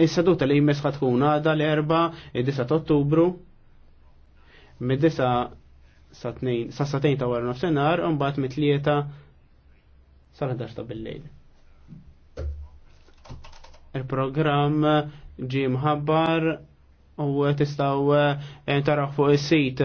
Is-seduta li jmess ħatkun għada l-erba id-9 ottubru mid-9 sa' 2 sa' 2 ta' wara nofsinhar un bat mit-3 sal-11 ta' bil-lejl. il program ġie mħabbar u tistgħu eh, taraw fuq il sit